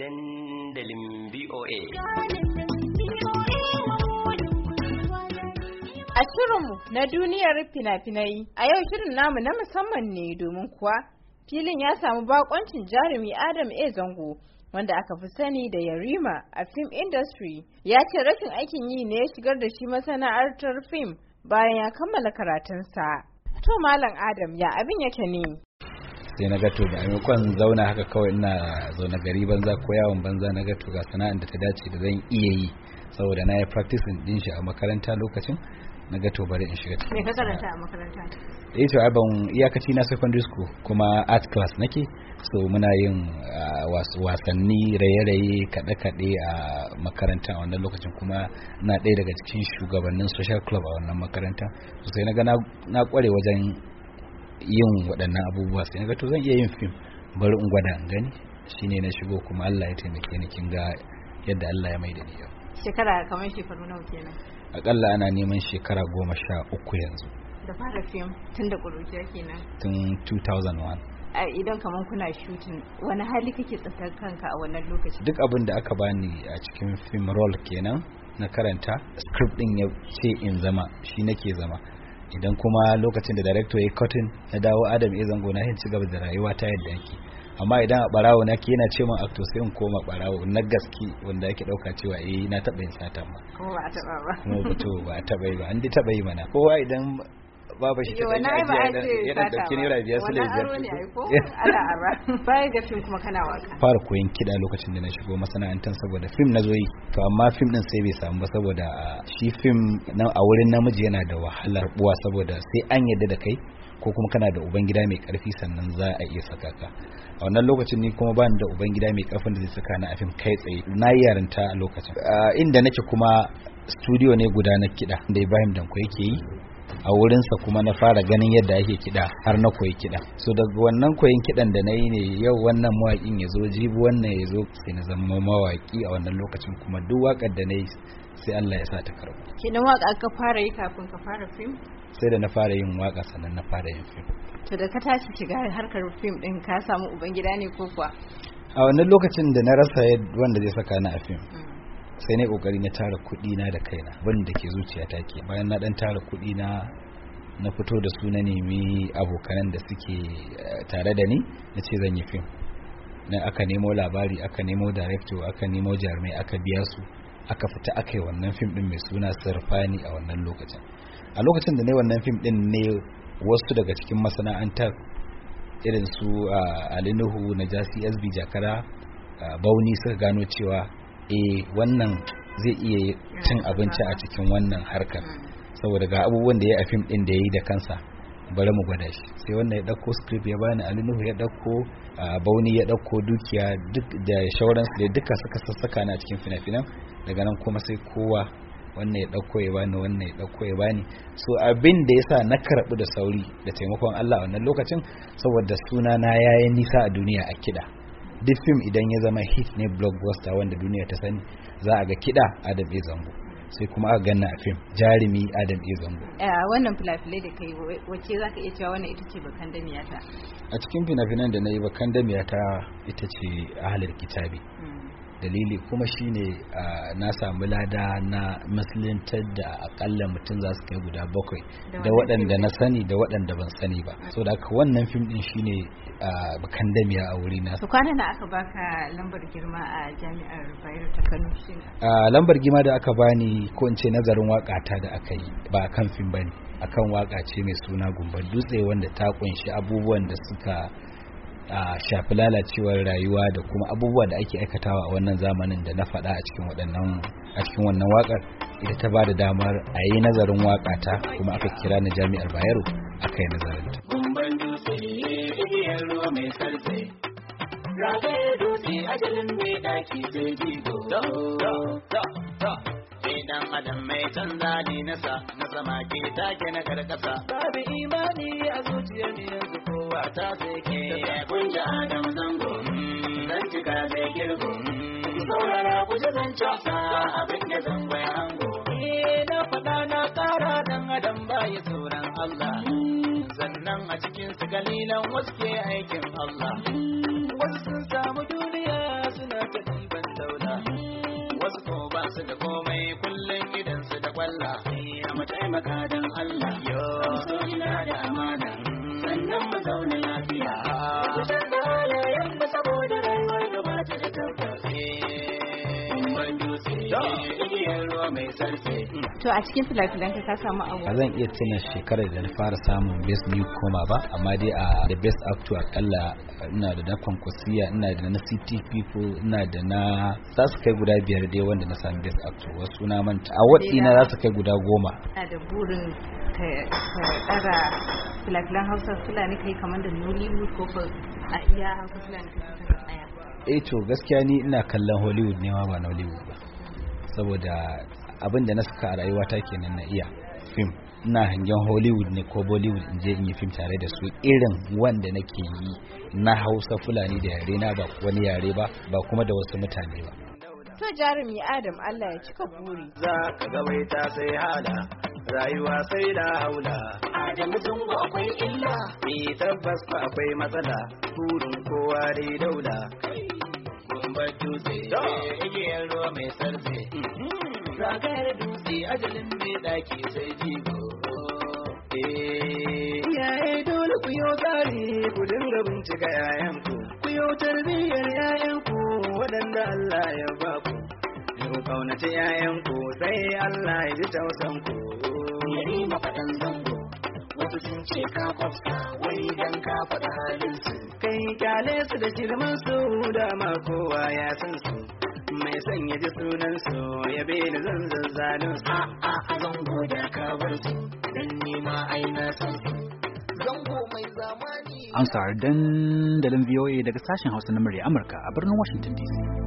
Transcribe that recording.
dandalin VOA. A shirinmu na duniyar fina-finai, a yau shirin namu na musamman ne domin kuwa filin ya samu bakoncin jarumi Adam A. Zango. wanda aka fi sani da Yarima a film industry ya ce rashin aikin yi ne ya shigar da shi masana'artar fim, bayan ya kammala karatunsa. To Malam Adam ya abin yake ne? sai na gato da maimakon zauna haka kawai ina zauna gari banza ko yawon banza na gato ga sana'ar da ta dace da zan iya yi saboda na yi practicing din shi a makaranta lokacin na gato bari in shiga me ka a makaranta eh to ban iyakaci na secondary school kuma art class nake so muna yin ah, wasanni raye-raye kaɗe-kaɗe a makaranta a wannan lokacin kuma na ɗaya daga cikin shugabannin social club a wannan makaranta sosai na ga na kware wajen yin waɗannan abubuwa sai ga to zan iya yin fim bari in gwada in gani shine na shigo kuma Allah ya taimake ni kin ga yadda Allah ya maida ni yau shekara kamar shekaru nawa kenan akalla ana neman shekara goma sha uku yanzu da fara fim tun da kuruciya kenan tun 2001 a idan kamar kuna shooting wani hali kake tsantar kanka a wannan lokacin duk abin da aka bani a cikin film role kenan na karanta script din ya ce in zama shi nake zama idan kuma lokacin da director ya katun ya dawo adam ya zango na hin cigaba da rayuwa ta yadda yake amma idan a barawo na ke yana ce min actor sai in koma barawo na gaske wanda yake dauka cewa eh na taba yin satan ba kuma ba a taba ba kuma ba a taba ba an dai taba yi mana kowa idan babu shi ta dan ajiya ya dan dauki naira biyar su lai biyar bayan ga fim kuma fara koyon kiɗa lokacin da na shigo masana'antar saboda fim na zoyi to amma fim ɗin sai bai samu ba saboda shi fim a wurin namiji yana da wahalar buwa saboda sai an yadda da kai ko kuma kana da ubangida mai karfi sannan za a iya saka ka a wannan lokacin ni kuma bani da ubangida mai karfin da zai saka na a fim kai tsaye na yi yarinta a lokacin inda nake kuma studio ne guda na kiɗa da Ibrahim Danko yake yi a wurinsa kuma na fara ganin yadda ake kiɗa har na koyi kiɗa so daga wannan koyin kiɗan da na yi ne yau wannan mawaƙin ya zo jibi wannan ya zo sai na zama mawaƙi a wannan lokacin kuma duk waƙar da na yi sai Allah ya sa ta karɓu. Kenan waƙa ka fara yi kafin ka fara fim? Sai da na fara yin waƙa sannan na fara yin fim. To da ka tashi shiga harkar fim ɗin ka samu ubangida ne ko kuwa? A wannan lokacin da na rasa wanda zai saka ni a fim. Mm. sai na kokari na tara kuɗi na da kaina wanda ke zuciya ta ke bayan na dan tara kuɗi na na fito da su na nemi abokan da suke eh, tare da ni na ce zan yi fim na aka nemo labari aka nemo director aka nemo jarumai aka biya su aka fita aka yi wannan fim din mai suna sarfani a wannan lokacin a lokacin da ne wannan fim din ne wasu daga cikin masana'antar irin su ah, alinuhu na jasi sb jakara ah, bauni suka gano cewa e wannan zai iya cin abinci a cikin wannan harkar saboda ga abubuwan da ya a fim din da ya yi da kansa bari mu gwada shi sai wannan ya ɗauko script ya bani Nuhu ya ɗauko bauni ya ɗauko dukiya duk da su da duka suka sassaka na cikin fina-finan daga nan kuma sai kowa wannan ya ɗauko ya bani wannan ya ɗauko ya bani so abin da yasa na karɓi da sauri da taimakon Allah wannan lokacin saboda suna na yayi nisa a duniya a kiɗa duk fim idan ya zama hit ne blockbuster wanda duniya ta sani za a ga kiɗa adam e zango sai kuma a ganna a fim jarumi adam e zango a eh, wannan filafilai da kai wacce za ka iya cewa wannan ita ce bakan damiyata a cikin fina-finan da na yi bakan damiyata ita ce ahalar kitabi hmm. dalili kuma shine na samu lada na musuluntar da akalla mutum za su kai guda bakwai da waɗanda na sani da waɗanda ban sani ba so da haka wannan fim ɗin shine bakan damiya a wuri na su kwana na aka baka lambar girma a jami'ar bayero ta kano lambar girma da aka bani ko in ce nazarin waka ta da aka yi ba kan fim bane akan waka ce mai suna gumbar dutse wanda ta kunshi abubuwan da suka a shafi lalacewar rayuwa da kuma abubuwa da ake aikatawa a wannan zamanin da na faɗa a cikin waɗannan a cikin wannan waƙar ita ta ba da damar a yi nazarin waƙa ta kuma aka kira na jami'ar bayero aka yi nazarin ta. Ragaye dutse ajalin mai zai adam mai canza ne nasa na sama ke take na karkasa. Babu imani a zuciyar yanzu. kowa ta zake da kunja adam zango dan hmm, cika da kirgo ku saurara ku ji zancen abin da zango ya hango eh, na faɗa na ƙara dan adam bayi sauran Allah sannan a cikin su galilan wasu ke aikin Allah wasu sun samu duniya suna ta ɗimban daula wasu ko ba su da komai kullum idan su da kwalla sai eh, mu taimaka dan ruwa mai to a cikin filafilan ka samu Ba zan iya tuna shekarar da na fara samun best new koma ba amma dai a the best actor kalla ina da na kwankwasiya ina da na city people ina da na za su kai guda biyar dai wanda na sami best actor wasu na manta a waɗina za su kai guda goma ina da burin ka tsara filafilan hausa fulani kai kamar da nollywood ko a iya hausa fulani kai eh to gaskiya ni ina kallon hollywood ne ma ba nollywood ba saboda abin da na saka a rayuwa ta kenan na iya fim ina hangen hollywood ne ko bollywood in je in yi fim tare da su irin wanda nake yi na hausa fulani da yare na ba wani yare ba ba kuma da wasu mutane ba to jarumi adam allah ya cika buri za ka gabaita sai hala rayuwa sai da haula da mutum ba akwai illa eh tabbas ba akwai matsala burin kowa dai daula gumbar dutse igiyar ruwa mai sarfe ragayar mhm. dutse ajalin mai daki sai jigo e. iyaye dole ku yi tsari ku dinga bincika 'ya'yanku ku yi tarbiyyar 'ya'yanku waɗanda Allah ya ba ku ku kaunaci 'ya'yanku sai Allah ya ji tausanku yari mafaɗan zango su ce ka wai dan ka faɗa kai kyale su da girman su ma kowa ya san su mai son ya ji sunan su ya bela zan zanzanin su a a zango da ka bar su dan nema aina san su zango mai zamani an sa'ar dandalin VOA daga sashen Hausa na murya Amurka a birnin Washington DC.